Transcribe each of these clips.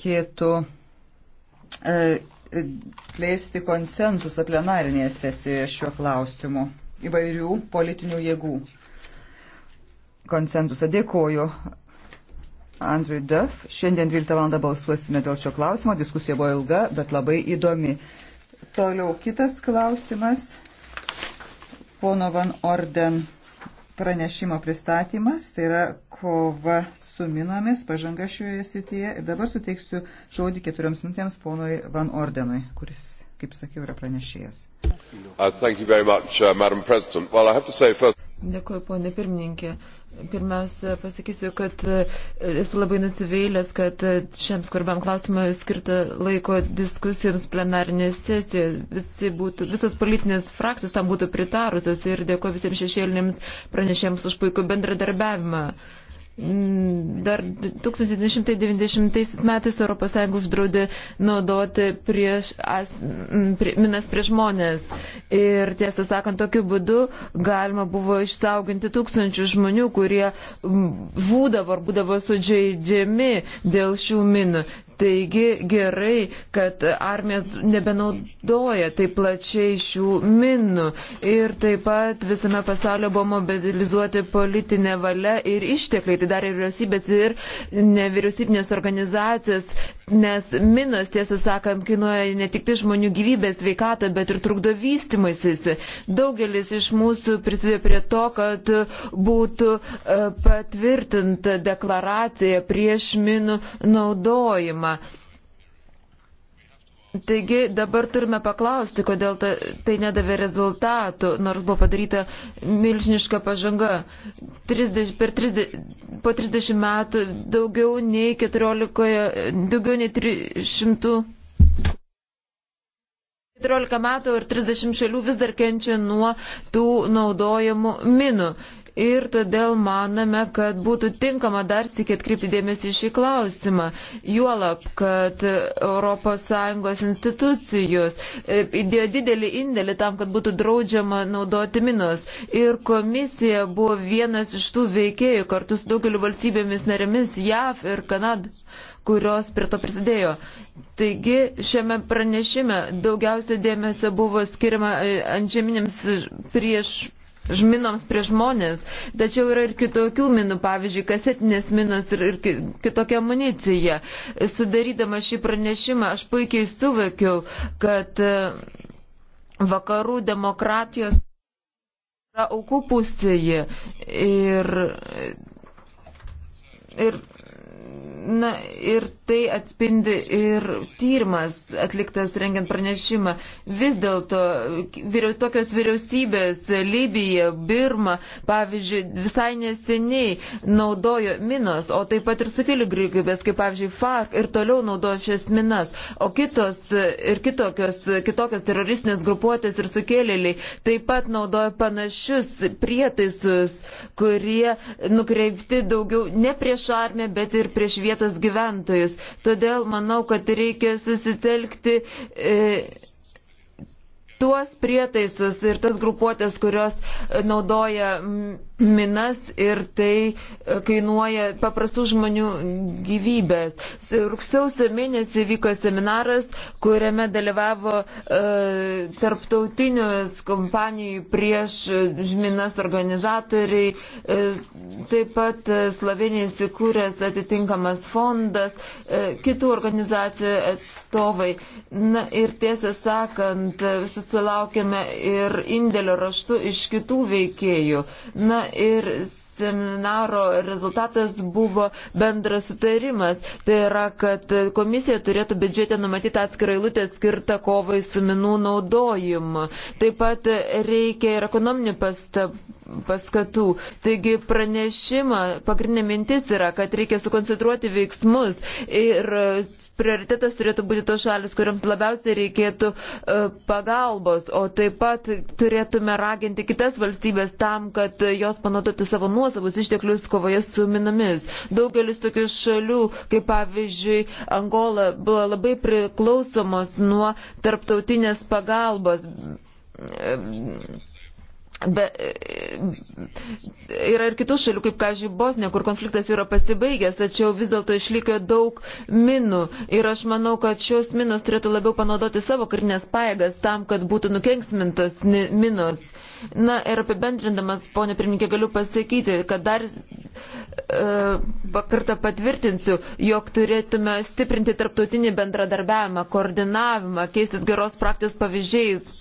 reikėtų e, plėsti konsensusą plenarinėje sesijoje šiuo klausimu įvairių politinių jėgų. Konsensusą dėkoju Andriui Duff. Šiandien 12 val. balsuosime dėl šio klausimo. Diskusija buvo ilga, bet labai įdomi. Toliau kitas klausimas. Pono Van Orden pranešimo pristatymas, tai yra kova su minomis, pažanga šioje srityje. Ir dabar suteiksiu žodį keturioms minutėms ponui Van Ordenui, kuris, kaip sakiau, yra pranešėjas. Uh, much, uh, well, first... Dėkuoju, ponė pirmininkė. Pirmiausia, pasakysiu, kad e, esu labai nusivylęs, kad e, šiam svarbiam klausimui skirta laiko diskusijoms plenarinė sesija. Visi būtų, visas politinės frakcijos tam būtų pritarusios ir dėkuoju visiems šešėlinėms pranešėjams už puikų bendradarbiavimą. Mm, dar 1990 metais ES uždraudė naudoti prieš as, prie, minas prieš žmonės. Ir tiesą sakant, tokiu būdu galima buvo išsauginti tūkstančių žmonių, kurie būdavo ar būdavo sudžiaidžiami dėl šių minų. Taigi gerai, kad armija nebenaudoja taip plačiai šių minų. Ir taip pat visame pasaulio buvo mobilizuoti politinė valia ir ištekliai. Tai dar ir vyriausybės ir nevyriausybinės organizacijas, nes minos, tiesą sakant, kainuoja ne tik tai žmonių gyvybės veikatą, bet ir trukdo vystimasis. Daugelis iš mūsų prisidėjo prie to, kad būtų e, patvirtinta deklaracija prieš minų naudojimą sistemą. Taigi dabar turime paklausti, kodėl ta, tai nedavė rezultatų, nors buvo padaryta milžiniška pažanga. 30, per 30, po 30 metų daugiau nei 14, daugiau nei 300. 14 metų ir 30 šalių vis dar kenčia nuo tų naudojamų minų ir todėl manome, kad būtų tinkama dar sikėt atkreipti dėmesį šį klausimą. Juolab, kad ES institucijos e, įdėjo didelį indėlį tam, kad būtų draudžiama naudoti minos. Ir komisija buvo vienas iš tų veikėjų kartu su daugeliu valstybėmis narėmis JAV ir Kanada kurios prie to prisidėjo. Taigi šiame pranešime daugiausia dėmesio buvo skiriama e, antžeminėms prieš žminoms prie žmonės, tačiau yra ir kitokių minų, pavyzdžiui, kasetinės minos ir, ir kitokia amunicija. Sudarydama šį pranešimą aš puikiai suvokiau, kad e, vakarų demokratijos yra aukų pusėje ir, ir Na ir tai atspindi ir tyrimas atliktas rengiant pranešimą. Vis dėlto vyriau, tokios vyriausybės Libija, Birma, pavyzdžiui, visai neseniai naudojo minos, o taip pat ir sukelių grįgybės, kaip pavyzdžiui, FARC ir toliau naudojo šias minas, o kitos ir kitokios, kitokios teroristinės grupuotės ir sukėlėliai taip pat naudojo panašius prietaisus, kurie nukreipti daugiau ne prieš armiją, bet ir prieš prieš vietos gyventojus. Todėl manau, kad reikia susitelkti e, tuos prietaisus ir tas grupuotės, kurios naudoja. M, minas ir tai e, kainuoja paprastų žmonių gyvybės. Rugsėjo mėnesį vyko seminaras, kuriame dalyvavo e, tarptautinius kompanijų prieš žminas e, organizatoriai, e, taip pat e, Slovenijai įsikūręs atitinkamas fondas, e, kitų organizacijų atstovai. Na ir tiesą sakant, e, susilaukėme ir indėlio raštų iš kitų veikėjų. Na, ir seminaro rezultatas buvo bendras sutarimas. Tai yra, kad komisija turėtų biudžete numatyti atskirą eilutę skirtą kovai su minų naudojimu. Taip pat reikia ir ekonominių pastabų paskatų. Taigi pranešimą pagrindinė mintis yra, kad reikia sukoncentruoti veiksmus ir e, prioritetas turėtų būti tos šalis, kuriams labiausiai reikėtų e, pagalbos, o taip pat turėtume raginti kitas valstybės tam, kad e, jos panaudotų savo nuosavus išteklius kovoje su minomis. Daugelis tokių šalių, kaip pavyzdžiui Angola, buvo labai priklausomos nuo tarptautinės pagalbos Be, yra ir kitų šalių, kaip, pavyzdžiui, Bosnija, kur konfliktas yra pasibaigęs, tačiau vis dėlto išliko daug minų. Ir aš manau, kad šios minos turėtų labiau panaudoti savo karinės paėgas tam, kad būtų nukenksmintos minos. Na ir apibendrindamas, ponė pirmininkė, galiu pasakyti, kad dar e, kartą patvirtinsiu, jog turėtume stiprinti tarptautinį bendradarbiavimą, koordinavimą, keistis geros praktikos pavyzdžiais,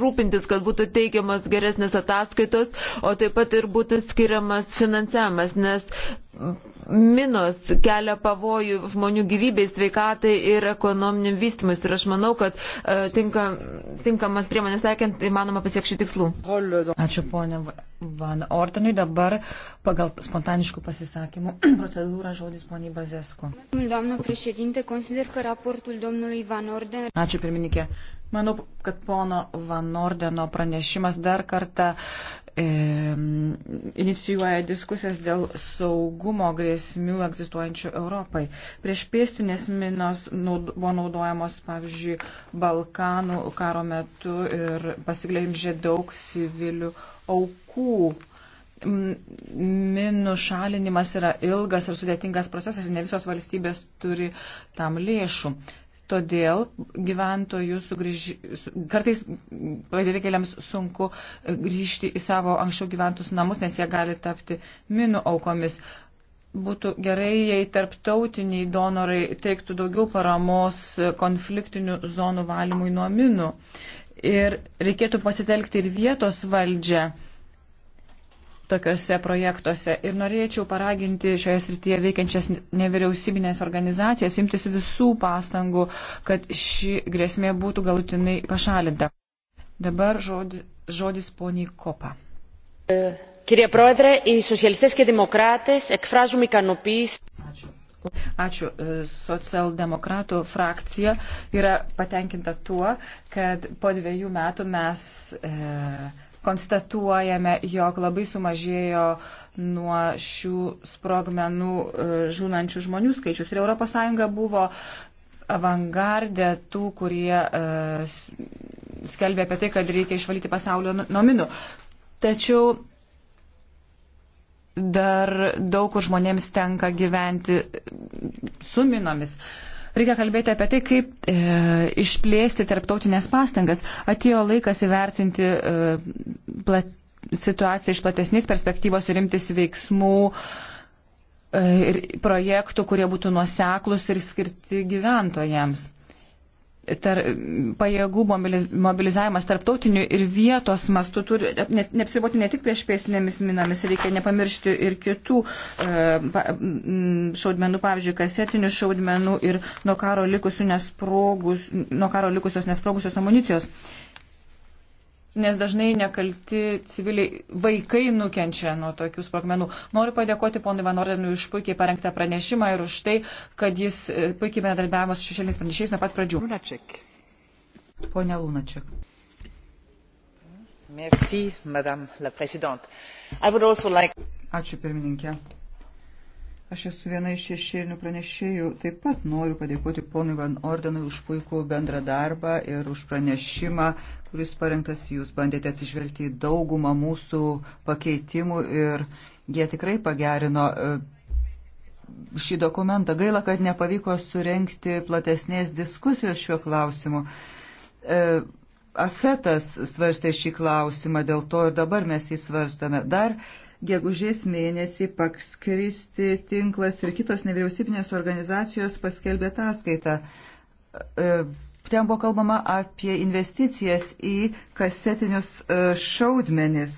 rūpintis, kad būtų teikiamas geresnės ataskaitos, o taip pat ir būtų skiriamas finansiavimas, nes minos kelia pavojų žmonių gyvybei, sveikatai ir ekonominiam vystimus. Ir aš manau, kad e, tinka, tinkamas priemonės teikiant įmanoma pasiekti tikslų. Ačiū ponė Van Ortenui. Dabar pagal spontaniškų pasisakymų procedūrą žodis poniai Bazesku. Ačiū pirmininkė. Manau, kad pono Van Ordeno pranešimas dar kartą e, inicijuoja diskusijas dėl saugumo grėsmių egzistuojančių Europai. Prieš pėstinės minos naud, buvo naudojamos, pavyzdžiui, Balkanų karo metu ir pasiglemžė daug civilių aukų. Minų šalinimas yra ilgas ir sudėtingas procesas ir ne visos valstybės turi tam lėšų. Todėl gyventojų sugrįž... kartais pabėgėliams sunku grįžti į savo anksčiau gyventus namus, nes jie gali tapti minų aukomis. Būtų gerai, jei tarptautiniai donorai teiktų daugiau paramos konfliktinių zonų valymui nuo minų. Ir reikėtų pasitelkti ir vietos valdžią tokiuose projektuose. Ir norėčiau paraginti šioje srityje veikiančias nevyriausybinės organizacijas imtis visų pastangų, kad ši grėsmė būtų galutinai pašalinta. Dabar žodis, žodis poniai Kopa. Κύριε Πρόεδρε, οι σοσιαλιστές και δημοκράτες εκφράζουμε ικανοποίηση. Ačiū. Ačiū. E, socialdemokratų frakcija yra patenkinta tuo, kad po dviejų metų mes e, konstatuojame, jog labai sumažėjo nuo šių sprogmenų e, žūnančių žmonių skaičius. Ir ES buvo avangardė tų, kurie uh, skelbė apie tai, kad reikia išvalyti pasaulio nominų. Tačiau dar daug kur žmonėms tenka gyventi su minomis. Uh, Reikia kalbėti apie tai, kaip e, išplėsti tarptautinės pastangas. Atėjo laikas įvertinti e, plat, situaciją iš platesnės perspektyvos ir imtis veiksmų e, ir projektų, kurie būtų nuoseklus ir skirti gyventojams tar, pajėgų mobilizavimas tarptautiniu ir vietos mastu turi ne, neapsiriboti ne tik prieš pėsinėmis minomis, reikia nepamiršti ir kitų e, pa, šaudmenų, pavyzdžiui, kasetinių šaudmenų ir nuo karo, likusių nesprogus, nuo karo likusios nesprogusios amunicijos nes dažnai nekalti civiliai vaikai nukenčia nuo tokių sprogmenų. Noriu padėkoti ponui Van Ordenui už puikiai parengtą pranešimą ir už tai, kad jis e, puikiai bendradarbiavo su šešėliais pranešėjais nuo pat pradžių. Lunačiak. Pone Lunačiak. Merci, Madame la Présidente. I would also like. Ačiū pirmininkė. Aš esu viena iš šešėlinių pranešėjų. Taip pat noriu padėkoti ponui Van Ordenui už puikų bendrą darbą ir už pranešimą, kuris parengtas. Jūs bandėte atsižvelgti į daugumą mūsų pakeitimų ir jie tikrai pagerino e, šį dokumentą. Gaila, kad nepavyko surenkti platesnės diskusijos šiuo klausimu. E, Afetas svarstė šį klausimą, dėl to ir dabar mes jį svarstame. Dar uh, Gegužės mėnesį Pakskristi tinklas ir kitos nevyriausybinės organizacijos paskelbė ataskaitą. E, ten buvo kalbama apie investicijas į kasetinius e, šaudmenis.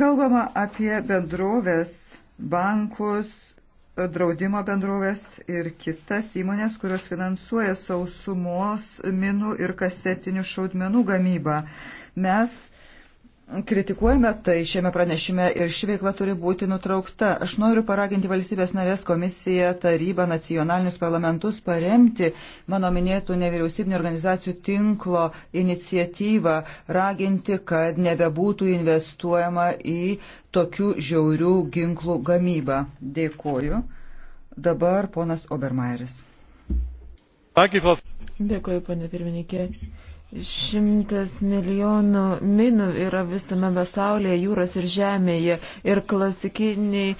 Kalbama apie bendrovės, bankus, draudimo bendrovės ir kitas įmonės, kurios finansuoja sausumos minų ir kasetinių šaudmenų gamybą. Mes kritikuojame tai šiame pranešime ir ši veikla turi būti nutraukta. Aš noriu paraginti valstybės narės komisiją, tarybą, nacionalinius parlamentus paremti mano minėtų nevyriausybinio organizacijų tinklo iniciatyvą, raginti, kad nebebūtų investuojama į tokių žiaurių ginklų gamybą. Dėkoju. Dabar ponas Obermairis. Dėkoju, ponė pirmininkė. Šimtas milijonų minų yra visame pasaulyje, jūros ir žemėje. Ir klasikiniai e,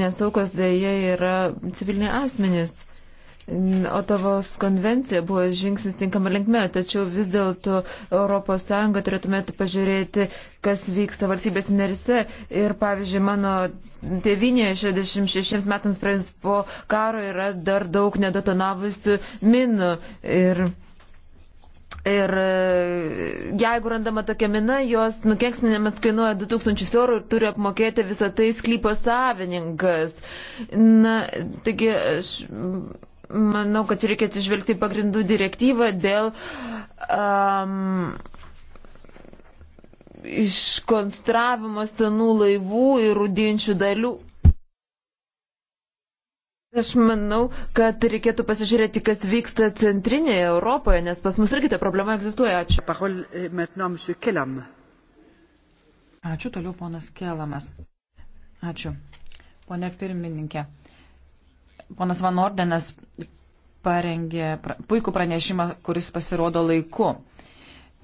nesaukos dėje yra civiliniai asmenys. Otavos konvencija buvo žingsnis tinkama linkme, tačiau vis dėlto ES turėtumėtų pažiūrėti, kas vyksta valstybės narise. Ir pavyzdžiui, mano tėvinėje 66 metams praėjus po karo yra dar daug nedetonavusių minų. Ir Ir e, jeigu randama tokia mina, jos nukenksminimas kainuoja 2000 eurų ir turi apmokėti visą tai sklypo savininkas. Na, taigi aš manau, kad čia reikia atsižvelgti pagrindų direktyvą dėl um, iškonstravimo senų laivų ir rūdinčių dalių Aš manau, kad reikėtų pasižiūrėti, kas vyksta centrinėje Europoje, nes pas mus irgi ta problema egzistuoja. Ačiū. Ačiū toliau, ponas Kelamas. Ačiū. Pone pirmininkė. Ponas Van Ordenas parengė puikų pranešimą, kuris pasirodo laiku.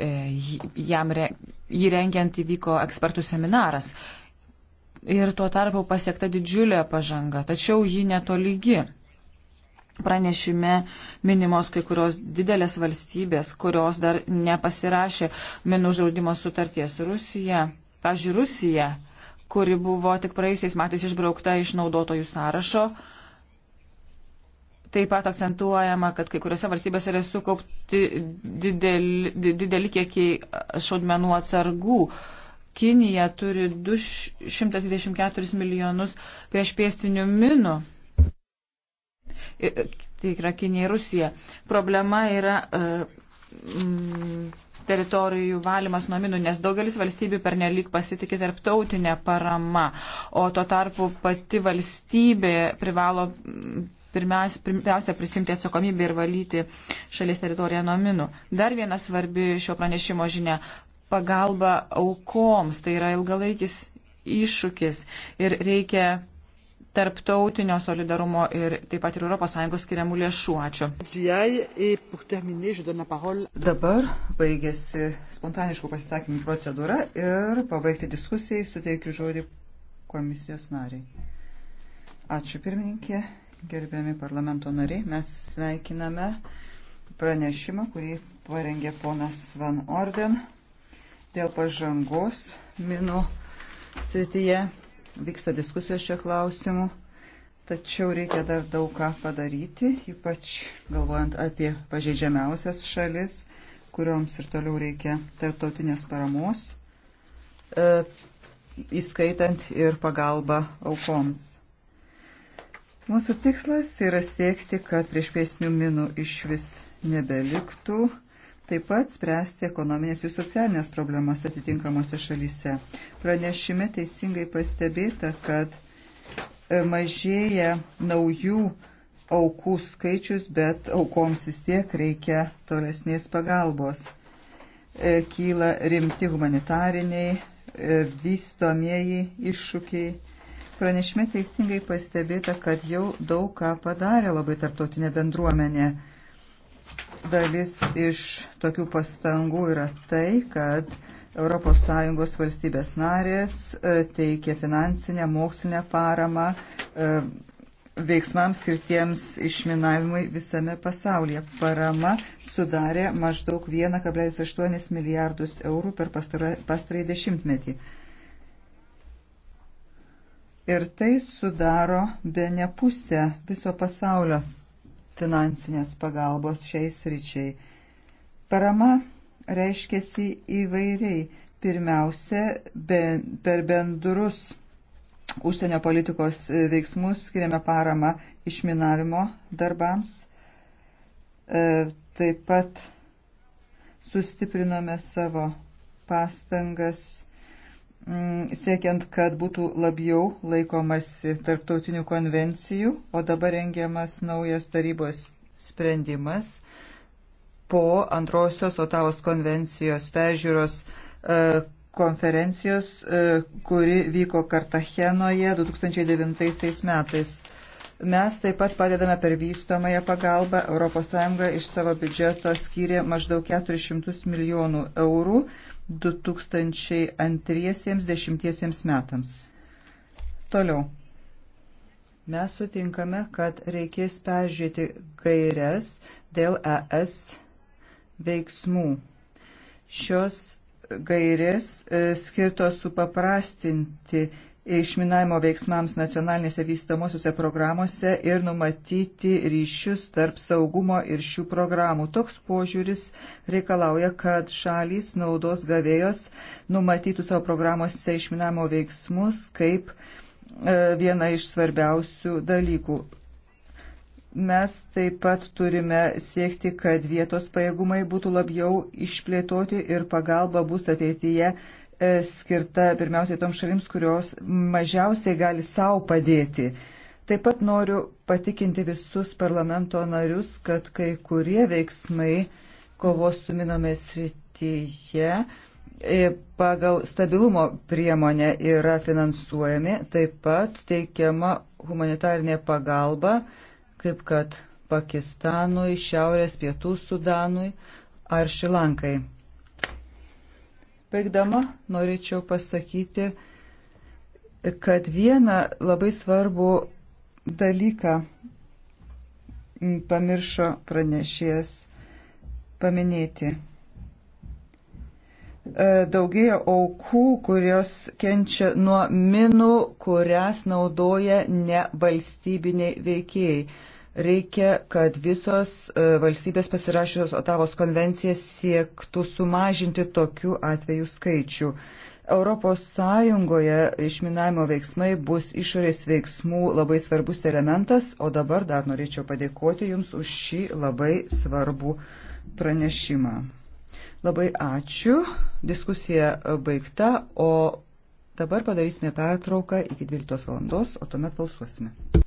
E, jam re, jį rengiant įvyko ekspertų seminaras ir tuo tarpu pasiekta didžiulė pažanga, tačiau ji netolygi. Pranešime minimos kai kurios didelės valstybės, kurios dar nepasirašė minų žaudimo sutarties Rusija. Pavyzdžiui, Rusija, kuri buvo tik praėjusiais metais išbraukta iš naudotojų sąrašo, Taip pat akcentuojama, kad kai kuriuose valstybėse yra sukaupti dideli, dideli kiekiai šaudmenų atsargų. Uh, Kinija turi 224 milijonus prieš pėstinių minų. Tai yra Kinija ir Rusija. Problema yra mm, teritorijų valymas nuo minų, nes daugelis valstybių pernelyg pasitikė tarptautinę paramą, o tuo tarpu pati valstybė privalo pirmiausia, pirmiausia prisimti atsakomybę ir valyti šalies teritoriją nuo minų. Dar viena svarbi šio pranešimo žinia pagalba aukoms. Tai yra ilgalaikis iššūkis ir reikia tarptautinio solidarumo ir taip pat ir ES skiriamų lėšų. Ačiū. Dabar baigėsi spontaniškų pasisakymų procedūra ir pabaigti diskusijai suteikiu žodį komisijos nariai. Ačiū pirmininkė, gerbiami parlamento nariai. Mes sveikiname pranešimą, kurį parengė ponas Van Orden dėl pažangos minų srityje. Vyksta diskusijos šio klausimu, tačiau reikia dar daug ką padaryti, ypač galvojant apie pažeidžiamiausias šalis, kurioms ir toliau reikia tarptautinės paramos, e, įskaitant ir pagalbą aukoms. Mūsų tikslas yra siekti, kad priešpėsnių minų iš vis nebeliktų taip pat spręsti ekonominės ir socialinės problemas atitinkamose šalyse. Pranešime teisingai pastebėta, kad e, mažėja naujų aukų skaičius, bet aukoms vis tiek reikia tolesnės pagalbos. E, kyla rimti humanitariniai, e, vystomieji iššūkiai. Pranešime teisingai pastebėta, kad jau daug ką padarė labai tarptautinė bendruomenė dalis iš tokių pastangų yra tai, kad ES valstybės narės e, teikia finansinę, mokslinę paramą e, veiksmams skirtiems išminavimui visame pasaulyje. Parama sudarė maždaug 1,8 milijardus eurų per pastarąjį dešimtmetį. Ir tai sudaro be ne pusę viso pasaulio finansinės pagalbos šiais ryčiai. Parama reiškiasi įvairiai. Pirmiausia, be, per bendrus užsienio politikos e, veiksmus skiriame paramą išminavimo darbams. E, taip pat sustiprinome savo pastangas Mm, siekiant, kad būtų labiau laikomasi tarptautinių konvencijų, o dabar rengiamas naujas tarybos sprendimas po antrosios Otavos konvencijos peržiūros e, konferencijos, e, kuri vyko Kartachenoje 2009 metais. Mes taip pat padedame per vystomąją pagalbą. ES iš savo biudžeto skyrė maždaug 400 milijonų eurų 2002-2010 metams. Toliau. Mes sutinkame, kad reikės peržiūrėti gairias dėl ES veiksmų. Šios gairės e, skirtos supaprastinti išminavimo veiksmams nacionalinėse vystamosiuose programuose ir numatyti ryšius tarp saugumo ir šių programų. Toks požiūris reikalauja, kad šalys naudos gavėjos numatytų savo programuose išminavimo veiksmus kaip e, viena iš svarbiausių dalykų. Mes taip pat turime siekti, kad vietos pajėgumai būtų labiau išplėtoti ir pagalba bus ateityje E, skirta pirmiausiai toms šalims, kurios mažiausiai gali savo padėti. Taip pat noriu patikinti visus parlamento narius, kad kai kurie veiksmai kovos su minomis rytyje e, pagal stabilumo priemonę yra finansuojami, taip pat teikiama humanitarinė pagalba, kaip kad Pakistanui, Šiaurės pietų Sudanui ar Šilankai. Baigdama norėčiau pasakyti, kad vieną labai svarbų dalyką pamiršo pranešėjas paminėti. E, daugėja aukų, kurios kenčia nuo minų, kurias naudoja ne valstybiniai veikėjai. Reikia, kad visos e, valstybės pasirašytos Otavos konvencijas siektų sumažinti tokių atvejų skaičių. Europos Sąjungoje išminavimo veiksmai bus išorės veiksmų labai svarbus elementas, o dabar dar norėčiau padėkoti Jums už šį labai svarbų pranešimą. Labai ačiū, diskusija baigta, o dabar padarysime pertrauką iki 12 valandos, o tuomet balsuosime.